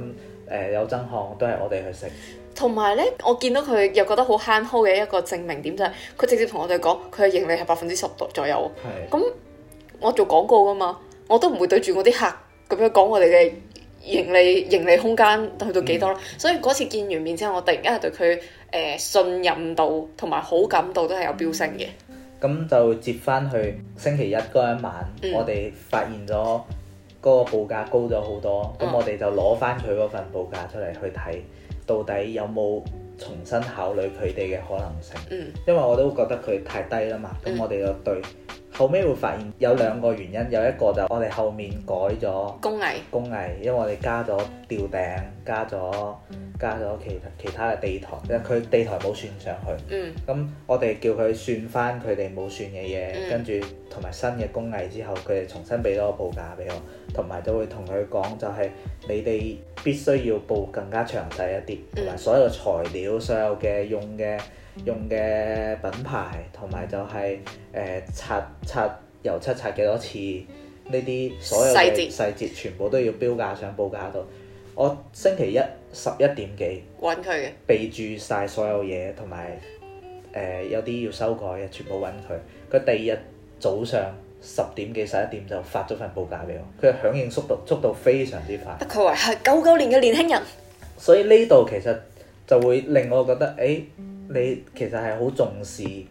誒、呃、有增項，都係我哋去食。同埋呢，我見到佢又覺得好慳好嘅一個證明點就係，佢直接同我哋講，佢嘅盈利係百分之十度左右。係的。咁我做廣告噶嘛，我都唔會對住我啲客咁樣講我哋嘅盈利盈利空間去到幾多。嗯、所以嗰次見完面之後，我突然間對佢誒、呃、信任度同埋好感度都係有飆升嘅。咁、嗯、就接翻去星期一嗰一晚，嗯、我哋發現咗。嗰個報價高咗好多，咁我哋就攞翻佢嗰份報價出嚟去睇，到底有冇重新考慮佢哋嘅可能性？嗯、因為我都覺得佢太低啦嘛，咁、嗯、我哋就對。後尾會發現有兩個原因，嗯、有一個就我哋後面改咗工藝，工藝，因為我哋加咗吊頂，加咗、嗯、加咗其其他嘅地台，因為佢地台冇算上去。嗯。咁我哋叫佢算翻佢哋冇算嘅嘢，跟住同埋新嘅工藝之後，佢哋重新俾多個報價俾我，同埋就會同佢講就係、是、你哋必須要報更加詳細一啲，同埋、嗯、所有嘅材料、所有嘅用嘅。用嘅品牌同埋就係、誒刷刷油漆刷幾多次，呢啲所有細節細節全部都要標價上報價度。我星期一十一點幾揾佢嘅備註晒所有嘢，同埋誒有啲、呃、要修改嘅全部揾佢。佢第二日早上十點幾十一點就發咗份報價俾我。佢嘅響應速度速度非常之快。不愧為係九九年嘅年輕人。所以呢度其實就會令我覺得誒。欸你其實係好重視你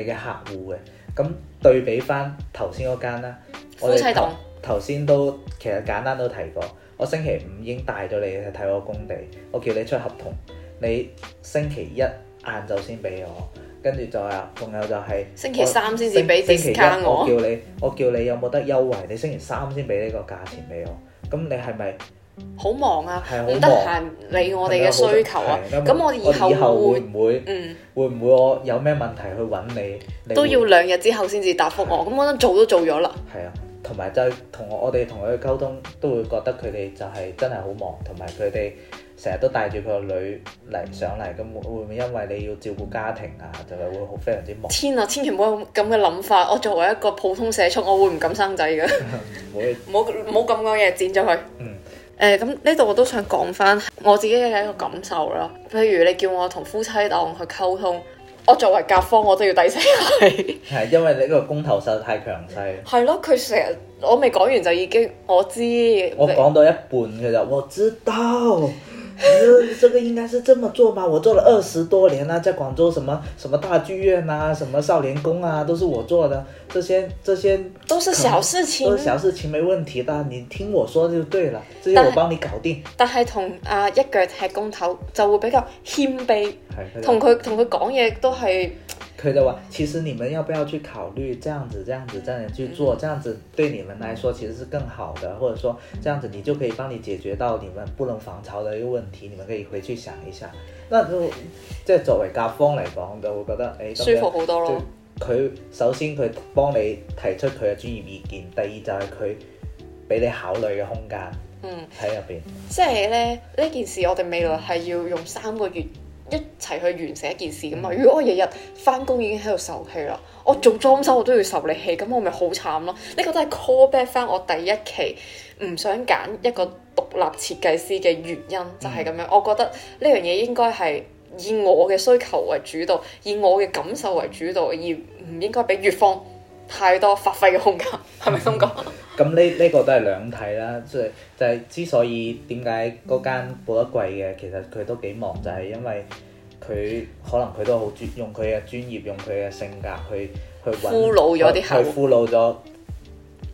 嘅客戶嘅，咁對比翻頭先嗰間我夫妻檔頭先都其實簡單都提過，我星期五已經帶咗你去睇我工地，我叫你出合同，你星期一晏晝先俾我，跟住再呀，仲有就係星期三先至俾星期一我，嗯，我，我叫你我叫你有冇得優惠，你星期三先俾呢個價錢俾我，咁你係咪？好忙啊，冇得閒理我哋嘅需求啊。咁我哋以後會唔會，會，嗯，會唔會我有咩問題去搵你？你都要兩日之後先至答覆我。咁我諗做都做咗啦。係啊，同埋就同我哋同佢嘅溝通，都會覺得佢哋就係真係好忙，同埋佢哋成日都帶住佢個女嚟上嚟。咁會唔會因為你要照顧家庭啊，就係會好非常之忙？天啊，千祈唔好有咁嘅諗法。我作為一個普通社畜，我會唔敢生仔噶？唔 會，唔唔好咁講嘢，剪咗佢。嗯。誒，咁呢度我都想講翻我自己嘅一個感受啦。譬如你叫我同夫妻檔去溝通，我作為甲方，我都要低聲下氣。係， 因為你呢個公投實在太強勢。係咯， 佢成日我未講完就已經我知。我講到一半佢就我知道。 呃， 你說這個應該是這麼做吧？我做了二十多年了啊，，在廣州什麼什麼大劇院啊，什麼少年宮啊，都是我做的。這些這些都是小事情，都是小事情，沒問題的。你聽我說就對了，這些我幫你搞定。但係同啊一腳踢工頭，就會比較謙卑，同佢同佢講嘢都係。佢就話，其實你們要不要去考慮這樣子、這樣子、這樣去做，這樣子對你們來說其實是更好的，或者說這樣子你就可以幫你解決到你們不能防潮的一個問題，你們可以回去想一下。那就即係作為甲方嚟講，就我覺得誒，哎、舒服好多咯。佢首先佢幫你提出佢嘅專業意見，第二就係佢俾你考慮嘅空間，嗯，喺入邊。嗯、即係咧呢件事，我哋未來係要用三個月。一齊去完成一件事咁嘛？如果我日日翻工已經喺度受氣啦，我做裝修我都要受你氣，咁我咪好慘咯？呢個都係 call back 翻我第一期唔想揀一個獨立設計師嘅原因，就係、是、咁樣。嗯、我覺得呢樣嘢應該係以我嘅需求為主導，以我嘅感受為主導，而唔應該俾乙方。太多發揮嘅空間，係咪咁講？咁呢呢個都係兩睇啦，即係就係、是、之所以點解嗰間報得貴嘅，其實佢都幾忙，就係、是、因為佢可能佢都好專用佢嘅專業，用佢嘅性格去去俘虜咗啲客戶，俘虜咗。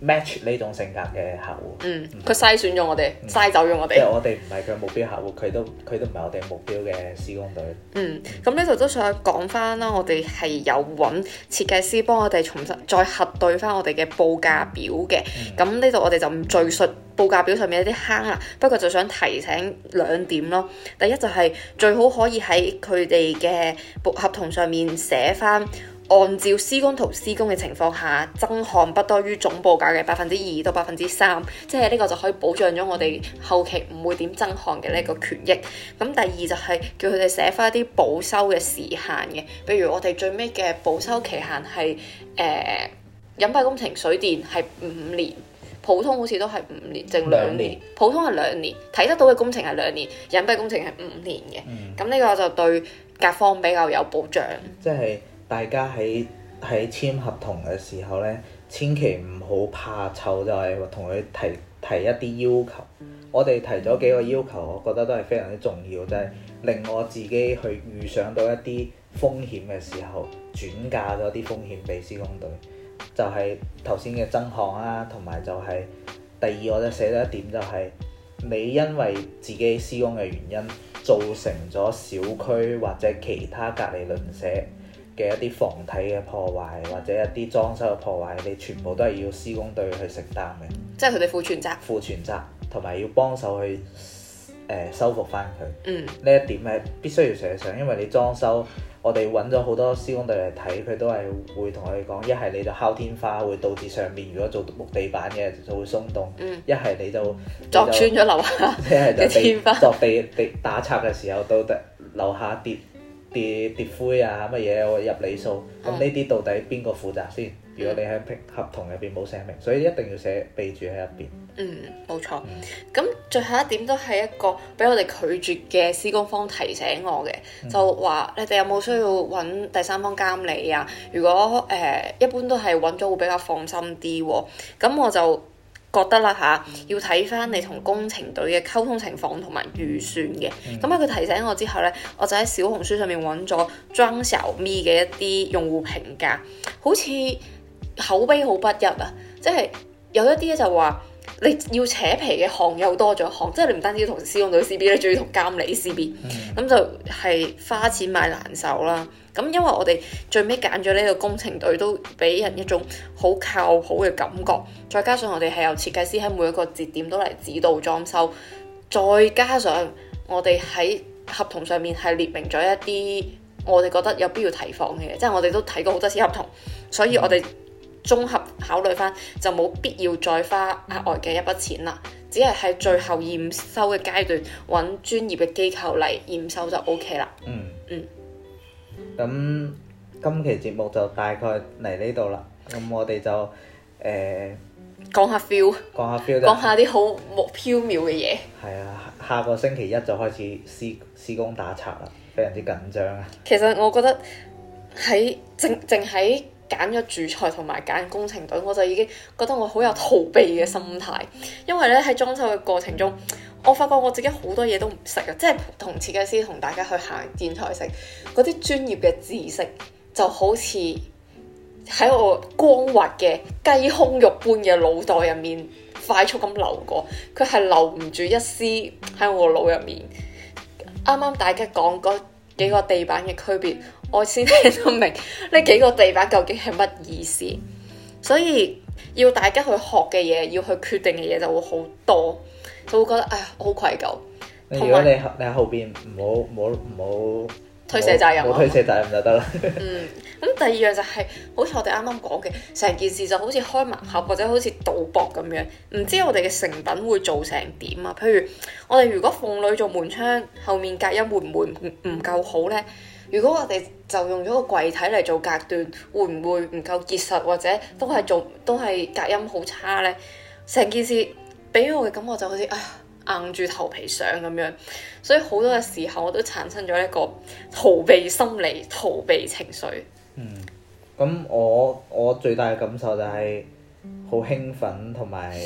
match 呢種性格嘅客戶，嗯，佢、嗯、篩選咗我哋，篩、嗯、走咗我哋。即係我哋唔係佢目標客戶，佢都佢都唔係我哋目標嘅施工隊。嗯，咁呢度都想講翻啦，我哋係有揾設計師幫我哋重新再核對翻我哋嘅報價表嘅。咁呢度我哋就唔敍述報價表上面一啲坑啦，不過就想提醒兩點咯。第一就係最好可以喺佢哋嘅合同上面寫翻。按照施工圖施工嘅情況下，增項不多於總報價嘅百分之二到百分之三，即係呢個就可以保障咗我哋後期唔會點增項嘅呢個權益。咁第二就係叫佢哋寫翻一啲保修嘅時限嘅，比如我哋最尾嘅保修期限係誒隱蔽工程、水電係五年，普通好似都係五年，淨兩年，兩年普通係兩年，睇得到嘅工程係兩年，隱蔽工程係五年嘅。嗯。咁呢個就對甲方比較有保障。嗯、即係。大家喺喺簽合同嘅時候咧，千祈唔好怕醜，就係同佢提提一啲要求。我哋提咗幾個要求，我覺得都係非常之重要，就係、是、令我自己去預想到一啲風險嘅時候，轉嫁咗啲風險俾施工隊，就係頭先嘅增項啦，同埋就係第二，我就寫咗一點、就是，就係你因為自己施工嘅原因造成咗小區或者其他隔離鄰舍。嘅一啲房體嘅破壞或者一啲裝修嘅破壞，你全部都係要施工隊去承擔嘅、嗯，即係佢哋負全責，負全責同埋要幫手去誒、呃、修復翻佢。嗯，呢一點咧必須要寫上，因為你裝修，我哋揾咗好多施工隊嚟睇，佢都係會同我哋講，一係你就敲天花，會導致上面如果做木地板嘅就會鬆動；一係、嗯、你就砸穿咗樓下嘅天花你，砸地地打拆嘅時候都得樓下跌。跌跌灰啊乜嘢我入理數，咁呢啲到底邊個負責先？如果你喺合同入邊冇寫明，所以一定要寫備註喺入邊。嗯，冇錯。咁、嗯、最後一點都係一個俾我哋拒絕嘅施工方提醒我嘅，就話你哋有冇需要揾第三方監理啊？如果誒、呃、一般都係揾咗會比較放心啲喎。咁我就。覺得啦嚇、啊，要睇翻你同工程隊嘅溝通情況同埋預算嘅。咁啊、嗯，佢提醒我之後呢，我就喺小紅書上面揾咗裝修 Me 嘅一啲用戶評價，好似口碑好不一啊！即係有一啲咧就話你要扯皮嘅行又多咗行，即係你唔單止要同施工隊 C B 咧，仲要同監理 C B，咁、嗯、就係花錢買難受啦。咁因為我哋最尾揀咗呢個工程隊都俾人一種好靠譜嘅感覺，再加上我哋係由設計師喺每一個節點都嚟指導裝修，再加上我哋喺合同上面係列明咗一啲我哋覺得有必要提防嘅嘢，即係我哋都睇過好多次合同，所以我哋綜合考慮翻就冇必要再花額外嘅一筆錢啦，只係喺最後驗收嘅階段揾專業嘅機構嚟驗收就 OK 啦。嗯嗯。嗯。咁今期節目就大概嚟呢度啦，咁我哋就誒、呃、講下 feel，講下 feel，講下啲好無縹緲嘅嘢。係啊，下個星期一就開始施施工打拆啦，非常之緊張啊。其實我覺得喺正正喺，揀咗主材同埋揀工程隊，我就已經覺得我好有逃避嘅心態，因為咧喺裝修嘅過程中，我發覺我自己好多嘢都唔識嘅，即係同設計師同大家去行建材城嗰啲專業嘅知識就好似喺我光滑嘅雞胸肉般嘅腦袋入面快速咁流過，佢係留唔住一絲喺我腦入面。啱啱大家講嗰幾個地板嘅區別。我先聽得明呢幾個地板究竟係乜意思，所以要大家去學嘅嘢，要去決定嘅嘢就會好多，就會覺得唉，好愧疚。如果你你，喺後邊唔好推卸責任，唔好推卸責任就得啦。 嗯，咁第二樣就係好似我哋啱啱講嘅，成件事就好似開盲盒或者好似賭博咁樣，唔知我哋嘅成品會做成點啊？譬如我哋如果鳳女做門窗，後面隔音會唔會唔夠好呢？如果我哋就用咗個櫃體嚟,做隔斷，會唔會唔夠結實，或者都係做都係隔音好差呢？成件事俾我嘅感覺就好似啊硬住頭皮上咁樣，所以好多嘅時候我都產生咗一個逃避心理、逃避情緒。嗯，咁我我最大嘅感受就係好興奮，同埋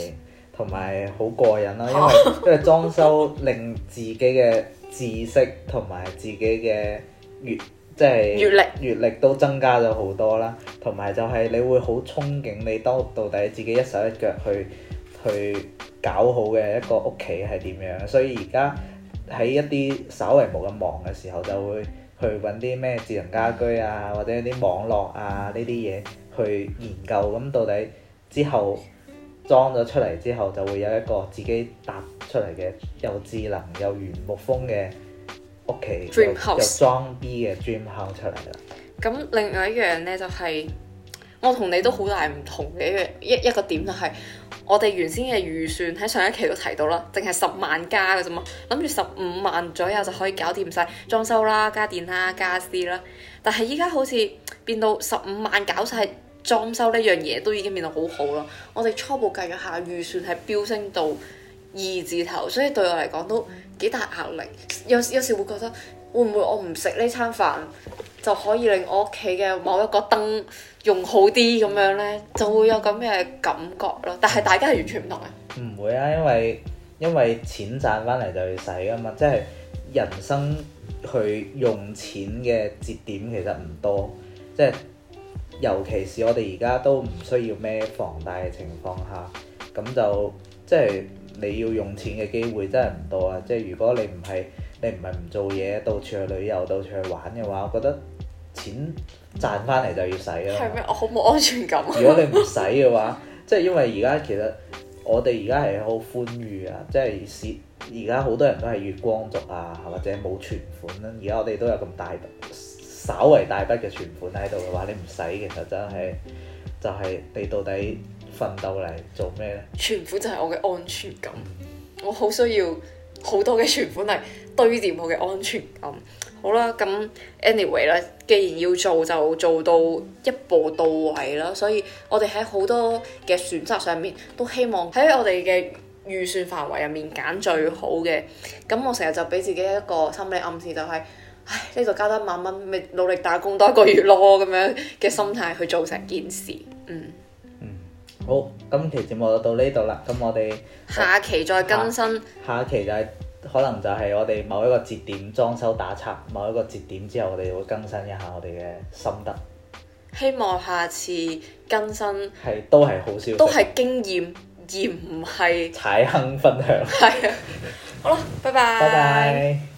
同埋好過癮啦。因為 因為裝修令自己嘅知識同埋自己嘅。越即係閲歷閲歷都增加咗好多啦，同埋就係你會好憧憬你當到底自己一手一腳去去搞好嘅一個屋企係點樣。所以而家喺一啲稍微冇咁忙嘅時候，就會去揾啲咩智能家居啊，或者啲網絡啊呢啲嘢去研究，咁到底之後裝咗出嚟之後，就會有一個自己搭出嚟嘅又智能又原木風嘅。屋企就裝 B 嘅 dream house 出嚟啦。咁另外一樣呢，就係、是、我同你都好大唔同嘅一一一個點，就係我哋原先嘅預算喺上一期都提到啦，淨係十萬加嘅啫嘛，諗住十五萬左右就可以搞掂晒裝修啦、家電啦、家私啦。但係依家好似變到十五萬搞晒裝修呢樣嘢，都已經變到好好咯。我哋初步計咗下預算，係飆升到。二字頭，所以對我嚟講都幾大壓力。有有時會覺得會唔會我唔食呢餐飯就可以令我屋企嘅某一個燈用好啲咁樣呢？就會有咁嘅感覺咯。但係大家係完全唔同嘅，唔會啊，因為因為錢賺翻嚟就要使啊嘛，即係人生去用錢嘅節點其實唔多，即係尤其是我哋而家都唔需要咩房貸嘅情況下，咁就，即係。你要用錢嘅機會真係唔多啊！即係如果你唔係你唔係唔做嘢，到處去旅遊，到處去玩嘅話，我覺得錢賺翻嚟就要使咯。係咩？我好冇安全感啊。如果你唔使嘅話， 即係因為而家其實我哋而家係好寬裕啊！即係而家好多人都係月光族啊，或者冇存款啦。而家我哋都有咁大筆，稍為大筆嘅存款喺度嘅話，你唔使其實真係就係、是、你到底？奮鬥嚟做咩咧？存款就係我嘅安全感，我好需要好多嘅存款嚟堆掂我嘅安全感。好啦，咁 anyway 咧，既然要做就做到一步到位啦。所以我哋喺好多嘅選擇上面都希望喺我哋嘅預算範圍入面揀最好嘅。咁我成日就俾自己一個心理暗示，就係，就係唉呢度加多一萬蚊，咪努力打工多一個月咯，咁樣嘅心態去做成件事。嗯。好，今期節目就到呢度啦，咁我哋下期再更新。下，下期就係，是，可能就係我哋某一個節點裝修打拆，某一個節點之後，我哋會更新一下我哋嘅心得。希望下次更新係都係好少，都係經驗，而唔係踩坑分享。係啊，好啦，拜拜，拜拜。